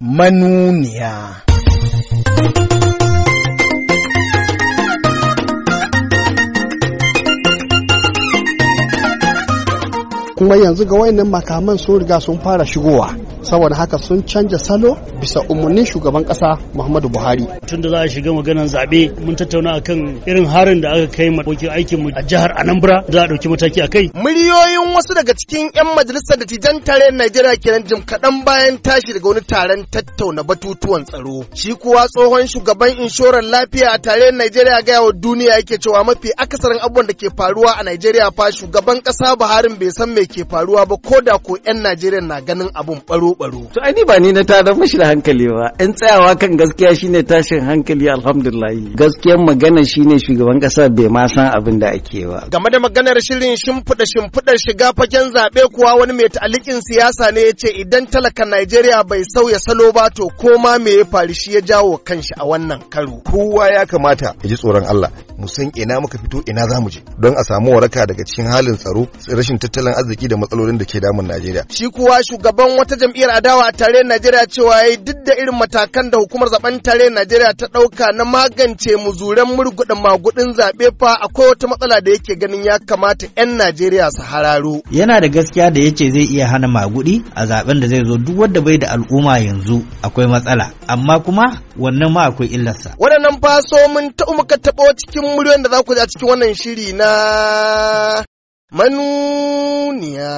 manuniya. kuma yanzu ga wayannan makaman sun riga sun fara shigowa saboda haka sun canja salo bisa umarnin shugaban kasa muhammadu buhari tun da za a shiga maganar zaɓe mun tattauna akan irin harin da aka kai mabokin aikin mu a jihar anambra za a ɗauki mataki a kai miliyoyin wasu daga cikin 'yan majalisar da tijan tare najeriya kenan jim kaɗan bayan tashi daga wani taron tattauna batutuwan tsaro shi kuwa tsohon shugaban inshorar lafiya a tare najeriya gaya wa duniya yake cewa mafi akasarin abubuwan da ke faruwa a najeriya fa shugaban kasa buhari bai san me ke faruwa ba ko da ko 'yan najeriya na ganin abun baro. baro-baro. To ai ni ba ni na tada mashi da hankali ba. In tsayawa kan gaskiya shine tashin hankali alhamdulillah. Gaskiyar magana shine shugaban kasa bai ma san abin da ake ba. Game da maganar shirin shimfiɗa shimfiɗar shiga fagen zaɓe kuwa wani mai ta'alikin siyasa ne ya ce idan talaka Najeriya bai sauya salo ba to koma me ya faru shi ya jawo kanshi a wannan karo. Kowa ya kamata ya ji tsoron Allah. Mu san ina muka fito ina za mu je don a samu waraka daga cikin halin tsaro rashin tattalin arziki da matsalolin da ke damun Najeriya. Shi kuwa shugaban wata jam'iyyar jam'iyyar adawa tare Najeriya cewa yayi duk da irin matakan da hukumar zaben tare Najeriya ta ɗauka na magance zuren murgudun magudin zaɓe fa akwai wata matsala da yake ganin ya kamata 'yan Najeriya su hararo. Yana da gaskiya da yace zai iya hana magudi a zaben da zai zo duk wanda bai da al'umma yanzu akwai matsala amma kuma wannan ma akwai illarsa. Waɗannan faso mun taɓa muka taɓa cikin muryoyin da za ku ji a cikin wannan shiri na manuniya.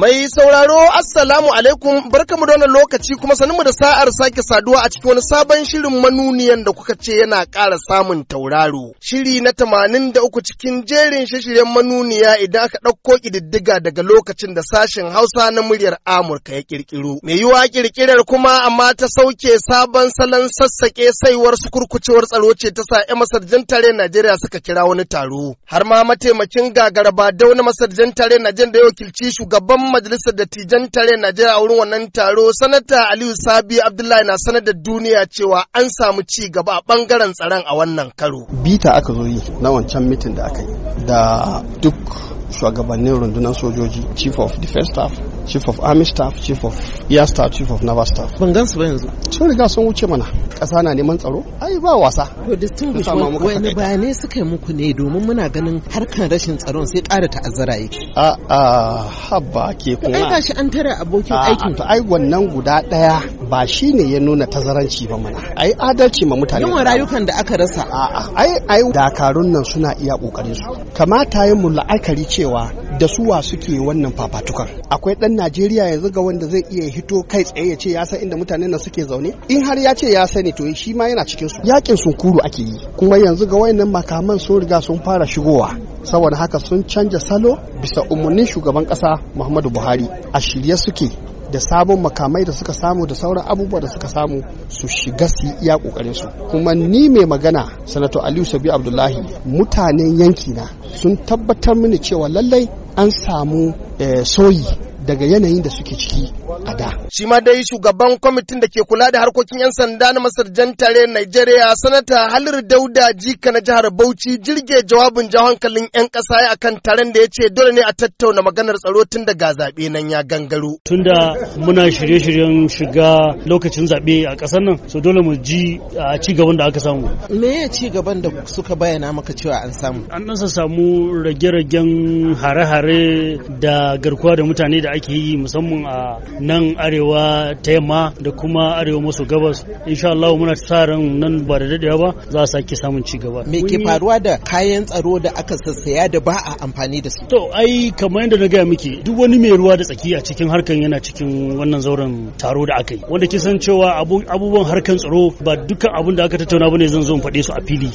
Mai sauraro Assalamu alaikum barkamu da wannan lokaci kuma sanin mu da sa'ar sake saduwa a cikin wani sabon shirin manuniyan da kuka ce yana ƙara samun tauraro. Shiri na tamanin da uku cikin jerin shirin manuniya idan aka ɗauko ƙididdiga daga lokacin da sashen Hausa na muryar Amurka ya ƙirƙiro. Mai yiwuwa ƙirƙirar kuma amma ta sauke sabon salon sassaƙe saiwar su tsaro ce ta sa 'yan masarjan tare Najeriya suka kira wani taro. Har ma mataimakin gagaraba dauna masarjan tare Najeriya da ya wakilci shugaban dan majalisar dattijan tare Najeriya wurin wannan taro sanata Aliyu Sabi Abdullahi na sanar da duniya cewa an samu ci gaba a bangaren tsaron a wannan karo. Bita aka zo yi na wancan mitin da aka yi da duk shugabannin rundunar sojoji chief of defense staff chief of army staff chief of air staff chief of naval staff ban gan su ba yanzu sun riga sun wuce mana ƙasa na neman tsaro ai ba wasa to distinguish wani bayanai suka yi muku ne domin muna ganin harkar rashin tsaron sai ƙara ta'azzara yake a a habba ke kuma ai gashi an tare abokin aikin to ai wannan guda daya ba shi ne ya nuna tazaranci ba mana ai adalci ma mutane yawan rayukan da aka rasa a ai ai dakarun nan suna iya kokarin su kamata yin mu la'akari cewa da suwa suke wannan fafatukan akwai dan Najeriya yanzu ga wanda zai iya hito kai tsaye ya ce ya san inda mutanen nan suke zaune in har ya ce ya sani to shi ma yana cikin su yakin sunkuru ake yi kuma yanzu ga wayannan makaman sun riga sun fara shigowa saboda haka sun canja salo bisa umarnin shugaban kasa Muhammadu Buhari a shirye suke da sabon makamai da suka samu da sauran abubuwa da suka samu su shiga su iya kokarin su kuma ni mai magana sanato aliyu sabi abdullahi mutanen yanki na sun tabbatar mini cewa lallai an samu eh, soyi daga yanayin da suke ciki a da. Shi ma dai shugaban kwamitin da ke kula da harkokin 'yan sanda na Masar jan tare Nigeria sanata Halir Dauda Jika na jihar Bauchi jirge jawabin jan hankalin 'yan ƙasa akan taron da ya ce dole ne a tattauna maganar tsaro tun da ga zaɓe nan ya gangaro. Tunda muna shirye-shiryen shiga lokacin zaɓe a ƙasar nan so dole mu ji a ci gaban da aka samu. Me ya ci gaban da suka bayyana maka cewa an samu? An nasa samu rage-ragen hare-hare da garkuwa da mutane da ake yi musamman a nan arewa ta yamma da kuma arewa maso gabas insha Allah muna sa ran nan ba da dadewa ba za a sake samun ci gaba me ke faruwa da kayan tsaro da aka sassaya da ba a amfani da su to ai kamar yadda na gaya miki duk wani mai ruwa da tsaki a cikin harkan yana cikin wannan zauren taro da aka yi wanda san cewa abubuwan harkan tsaro ba dukkan abun da aka tattauna bane zan zo in faɗe su a fili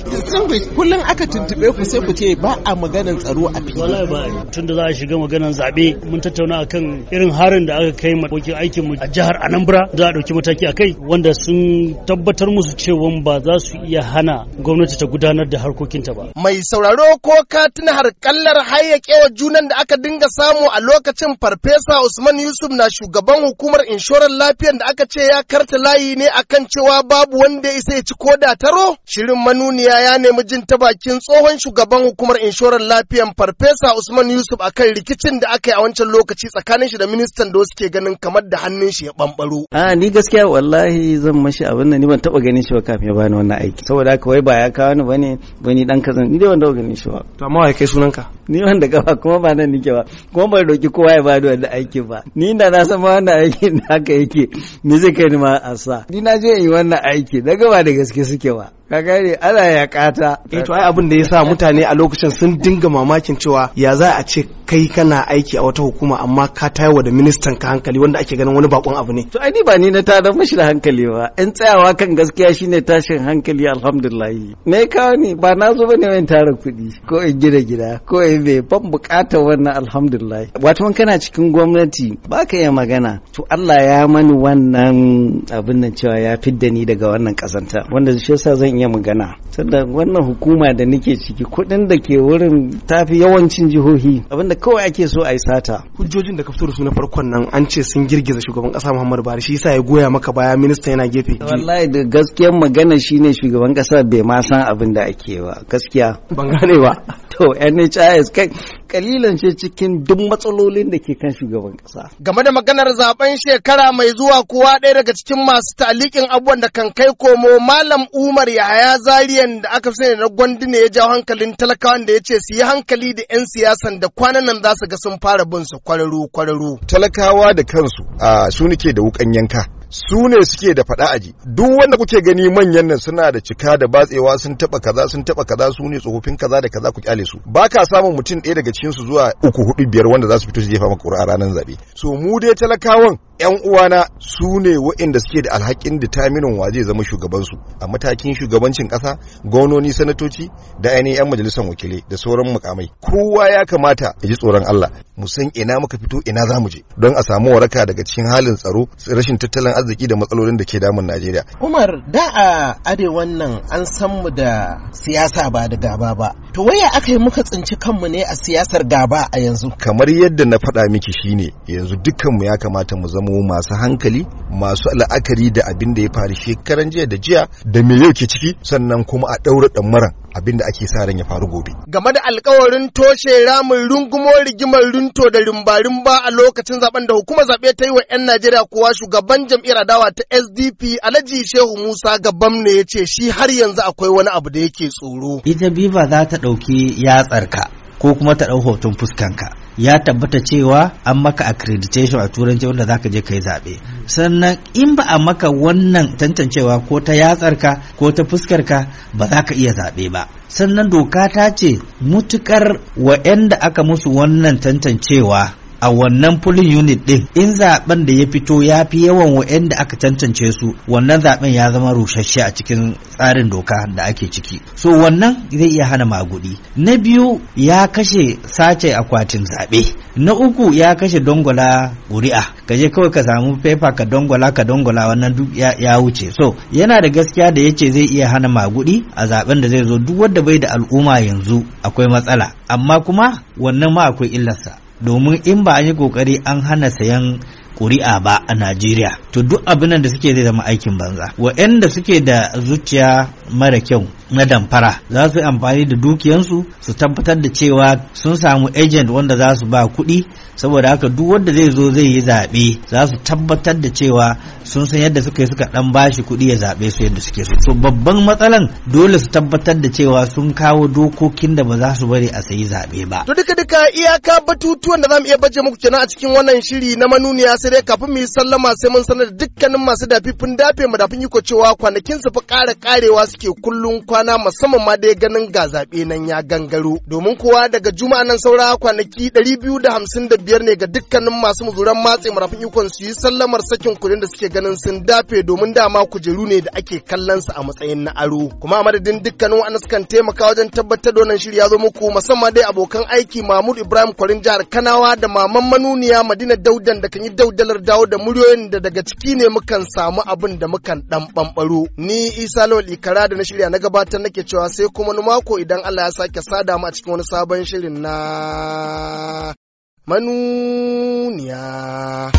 kullum aka tuntube ku sai ku ce ba a maganar tsaro a fili wallahi ba tunda za a shiga maganar zabe mun tattauna akan irin harin da aka kai abokin aikin mu a jihar Anambra za a dauki mataki akai wanda sun tabbatar musu cewa ba za su iya hana gwamnati ta gudanar da harkokinta ba. Mai sauraro ko ka tuna harkallar hayyakewa junan da aka dinga samu a lokacin farfesa Usman Yusuf na shugaban hukumar inshorar lafiyar da aka ce ya karta layi ne akan cewa babu wanda ya isa ya ci koda taro? Shirin manuniya ya nemi jin ta bakin tsohon shugaban hukumar inshorar lafiyar farfesa Usman Yusuf akan rikicin da aka yi a wancan lokaci tsakanin shi da ministan da wasu ke ganin kamar da hannun shi ya bambaro a ni gaskiya wallahi zan mashi abin nan ni ban taba ganin shi ba kafin ya bani wannan aiki saboda haka wai ba ya kawo ni bane bani dan kazan ni dai wanda taba ganin shi ba to amma wai kai sunanka ni wanda gaba kuma ba nan nike ba kuma ban roki kowa ya bani wannan aiki ba ni da na san ma wannan aikin haka yake Ni zai kai ni ma asa ni na je in yi wannan aiki daga ba da gaske suke ba ka gane ana ya kata eh to ai abin da ya sa mutane a lokacin sun dinga mamakin cewa ya za a ce kai kana aiki a wata hukuma amma ka tayawa da ministan ka hankali wanda ake ganin wani bakon abu ne to ai ni ba ni na tada mashi da hankali ba in tsayawa kan gaskiya shine tashin hankali alhamdulillah me kawo ni ba na zo bane wani tara kuɗi ko in gida gida ko in be ban bukata wannan alhamdulillah wato kana cikin gwamnati ba ka iya magana to Allah ya mani wannan abin nan cewa ya fidda ni daga wannan kasanta wanda shi yasa zan iya magana tunda wannan hukuma da nake ciki kuɗin da ke wurin tafi yawancin jihohi abinda kawai ake so a yi sata hujjojin da ka fito da su na farkon nan an ce sun girgiza shugaban kasa Muhammadu Buhari shi yasa ya goya maka baya minista yana gefe wallahi da gaskiyar magana shine shugaban kasa bai ma san abin da ake ba gaskiya ban gane ba to NHIS kai kalilan ce cikin duk matsalolin da ke kan shugaban kasa. Game da maganar zaben shekara mai zuwa kowa ɗaya daga cikin masu talikin abubuwan da kan kai komo Malam Umar Yahaya Zariyan da aka sani na gwandu ne ya jawo hankalin talakawan da ya ce su yi hankali da 'yan siyasan da kwanan nan za su ga sun fara bin su kwararru kwararru. Talakawa da kansu a su da wukan yanka. su ne suke da faɗa aji duk wanda kuke gani manyan nan suna da cika da batsewa sun taba kaza sun taba kaza su ne tsofaffin kaza da kaza ku kyale su ba ka samun mutum ɗaya daga cikin su zuwa uku hudu biyar wanda za su fito su jefa maka ƙuri'a ranar zabe so mu dai talakawan 'yan uwana su ne waɗanda suke da alhakin da determinin wa zai zama shugabansu a matakin shugabancin ƙasa gwamnoni sanatoci da ainihin 'yan majalisar wakilai da sauran mukamai kowa ya kamata ya ji tsoron Allah mu san ina muka fito ina za mu je don a samu waraka daga cikin halin tsaro rashin tattalin arziki da matsalolin da ke damun Najeriya. Umar da a ade wannan an san mu da siyasa ba da gaba ba To waya aka yi muka tsinci kanmu ne a siyasar gaba a yanzu? Kamar yadda na faɗa miki shine yanzu dukkanmu ya kamata mu zamo masu hankali, masu la'akari da abin da ya faru shekaran jiya da jiya da me yau ke ciki sannan kuma a ɗaura maran Abinda ake sa ran ya faru gobe. Game da alkawarin toshe ramin rungumo rigimar runto da rimba-rimba a lokacin zaben da hukumar zaɓe ta yi wa 'yan Najeriya kuwa shugaban jam'iyyar adawa ta SDP Alhaji Shehu Musa Gabam ne ya ce shi har yanzu akwai wani abu da yake tsoro. Ita biba za ta ɗauki yatsarka ko kuma ta ɗau hoton ka. ya tabbata cewa an maka accreditation a turanci wanda zaka je kai zaɓe sannan in ba a maka wannan tantancewa ko ta yatsarka ko ta fuskar ka ba za ka iya zaɓe ba sannan doka ta ce mutukar wa'anda aka musu wannan tantancewa a wannan pulling unit din in zaɓen da ya fito ya fi yawan da aka cancance su wannan zaɓen ya zama rushashe a cikin tsarin doka da ake ciki so wannan zai iya hana magudi na biyu ya kashe sace akwatin zaɓe na uku ya kashe dongola ƙuri'a ka je kawai ka samu fefa ka dongola ka dongola wannan duk ya wuce so yana da gaskiya da yace zai iya hana magudi a zaɓen da zai zo duk wanda bai da al'umma yanzu akwai matsala amma kuma wannan ma akwai illarsa domin in ba an yi kokari an hana sayan ƙuri'a ba a Najeriya to duk abin da suke zai zama aikin banza waɗanda suke da zuciya mara kyau na damfara za su yi amfani da dukiyansu su tabbatar da cewa sun samu agent wanda za su ba kuɗi saboda haka duk wanda zai zo zai yi zaɓe za su tabbatar da cewa sun san yadda suka yi suka ɗan bashi kuɗi ya zaɓe su yadda suke so so babban matsalan dole su tabbatar da cewa sun kawo dokokin da ba za su bari a sayi zaɓe ba to duka duka iyaka batutuwan da za mu iya baje muku kenan a cikin wannan shiri na manuniya sai dai kafin mu yi sallama sai mun sanar da dukkanin masu dafifin dafe mu dafin iko cewa kwanakin su fa ƙara ƙarewa suke kullun kwana rana musamman ma dai ganin ga zaɓe nan ya gangaro domin kuwa daga juma'a nan saura kwanaki 255 ne ga dukkanin masu muzuran matse marafin ikon su yi sallamar sakin kuɗin da suke ganin sun dafe domin dama kujeru ne da ake kallon su a matsayin na aro kuma a madadin dukkanin wa'anda sukan taimaka wajen tabbatar da wannan shiri ya zo muku musamman dai abokan aiki Mahmud Ibrahim Kwarin jihar Kanawa da maman manuniya Madina Daudan da kan yi daudalar dawo da muryoyin da daga ciki ne mukan samu abin da mukan dan bambaro ni Isa Lawal Ikara da na shirya na gabata ta nake cewa sai kuma ni mako idan Allah ya sake sada mu a cikin wani sabon shirin na manuniya.